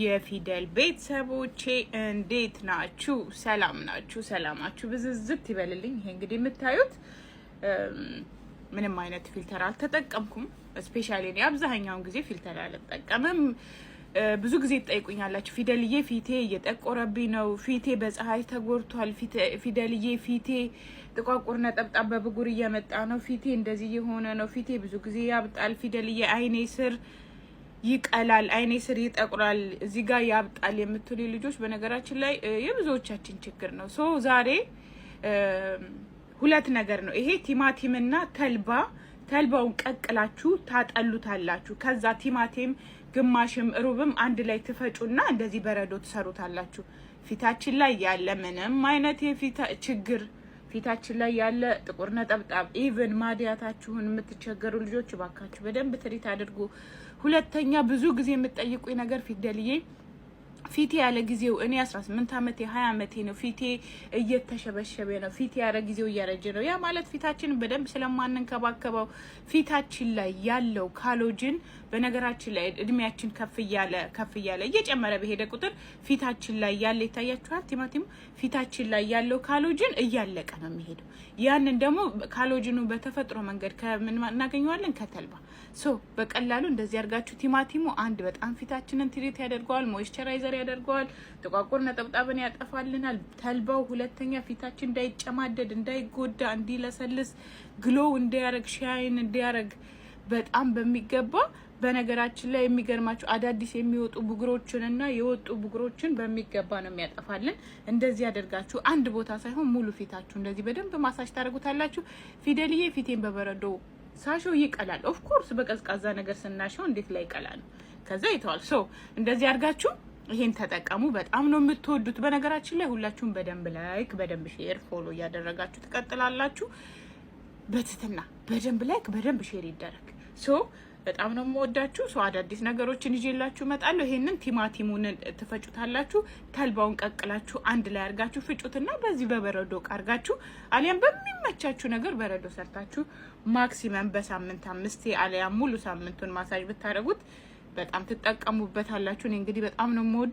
የፊደል ቤተሰቦቼ እንዴት ናችሁ? ሰላም ናችሁ? ሰላማችሁ ብዝዝት ይበልልኝ። ይሄ እንግዲህ የምታዩት ምንም አይነት ፊልተር አልተጠቀምኩም። ስፔሻሊ አብዛኛውን ጊዜ ፊልተር አልጠቀምም። ብዙ ጊዜ ትጠይቁኛላችሁ፣ ፊደልዬ ፊቴ እየጠቆረብኝ ነው፣ ፊቴ በፀሐይ ተጎድቷል፣ ፊደልዬ ፊቴ ጥቋቁር ነጠብጣብ በብጉር እየመጣ ነው፣ ፊቴ እንደዚህ የሆነ ነው፣ ፊቴ ብዙ ጊዜ ያብጣል፣ ፊደልዬ አይኔ ስር ይቀላል፣ አይኔ ስር ይጠቁራል፣ እዚህ ጋር ያብጣል የምትሉ ልጆች በነገራችን ላይ የብዙዎቻችን ችግር ነው። ሶ ዛሬ ሁለት ነገር ነው ይሄ ቲማቲምና ተልባ። ተልባውን ቀቅላችሁ ታጠሉታላችሁ። ከዛ ቲማቲም ግማሽም ሩብም አንድ ላይ ትፈጩና እንደዚህ በረዶ ትሰሩታላችሁ። ፊታችን ላይ ያለ ምንም አይነት የፊት ችግር ፊታችን ላይ ያለ ጥቁር ነጠብጣብ፣ ኢቨን ማድያታችሁን የምትቸገሩ ልጆች እባካችሁ በደንብ ትሪት አድርጉ። ሁለተኛ ብዙ ጊዜ የምትጠይቁኝ ነገር ፊደልዬ ፊቴ ያለ ጊዜው እኔ 18 ዓመቴ 20 ዓመቴ ነው። ፊቴ እየተሸበሸበ ነው። ፊቴ ያለ ጊዜው እያረጀ ነው። ያ ማለት ፊታችን በደንብ ስለማንንከባከበው ፊታችን ላይ ያለው ካሎጅን በነገራችን ላይ እድሜያችን ከፍ እያለ ከፍ እያለ እየጨመረ በሄደ ቁጥር ፊታችን ላይ ያለ ይታያችኋል። ቲማቲም ፊታችን ላይ ያለው ካሎጅን እያለቀ ነው የሚሄደው። ያንን ደግሞ ካሎጅኑ በተፈጥሮ መንገድ ከምን እናገኘዋለን? ከተልባ ሶ በቀላሉ እንደዚህ አድርጋችሁ ቲማቲሙ አንድ በጣም ፊታችንን ትሪት ያደርገዋል ሞይስቸራይዘር ነገር ያደርገዋል። ጥቋቁር ነጠብጣብን ያጠፋልናል። ተልባው ሁለተኛ ፊታችን እንዳይጨማደድ፣ እንዳይጎዳ፣ እንዲለሰልስ፣ ግሎው እንዲያረግ፣ ሻይን እንዲያረግ በጣም በሚገባ በነገራችን ላይ የሚገርማቸው አዳዲስ የሚወጡ ብጉሮችን እና የወጡ ብጉሮችን በሚገባ ነው የሚያጠፋልን። እንደዚህ ያደርጋችሁ አንድ ቦታ ሳይሆን ሙሉ ፊታችሁ እንደዚህ በደንብ ማሳጅ ታደርጉታላችሁ። ፊደልዬ ፊቴን በበረዶ ሳሾ ይቀላል። ኦፍኮርስ በቀዝቃዛ ነገር ስናሸው እንዴት ላይ ይቀላል? ከዛ ይተዋል። ሶ እንደዚህ አድርጋችሁ ይሄን ተጠቀሙ። በጣም ነው የምትወዱት። በነገራችን ላይ ሁላችሁም በደንብ ላይክ፣ በደንብ ሼር፣ ፎሎ እያደረጋችሁ ትቀጥላላችሁ። በትትና በደንብ ላይክ፣ በደንብ ሼር ይደረግ። ሶ በጣም ነው የምወዳችሁ። ሰው አዳዲስ ነገሮችን ይዤላችሁ እመጣለሁ። ይሄንን ቲማቲሙን ትፈጩታላችሁ። ተልባውን ቀቅላችሁ አንድ ላይ አርጋችሁ ፍጩትና በዚህ በበረዶ ቃርጋችሁ አሊያም በሚመቻችሁ ነገር በረዶ ሰርታችሁ ማክሲመም በሳምንት አምስቴ አሊያም ሙሉ ሳምንቱን ማሳጅ ብታደርጉት በጣም ትጠቀሙበታላችሁ። እኔ እንግዲህ በጣም ነው የምወድ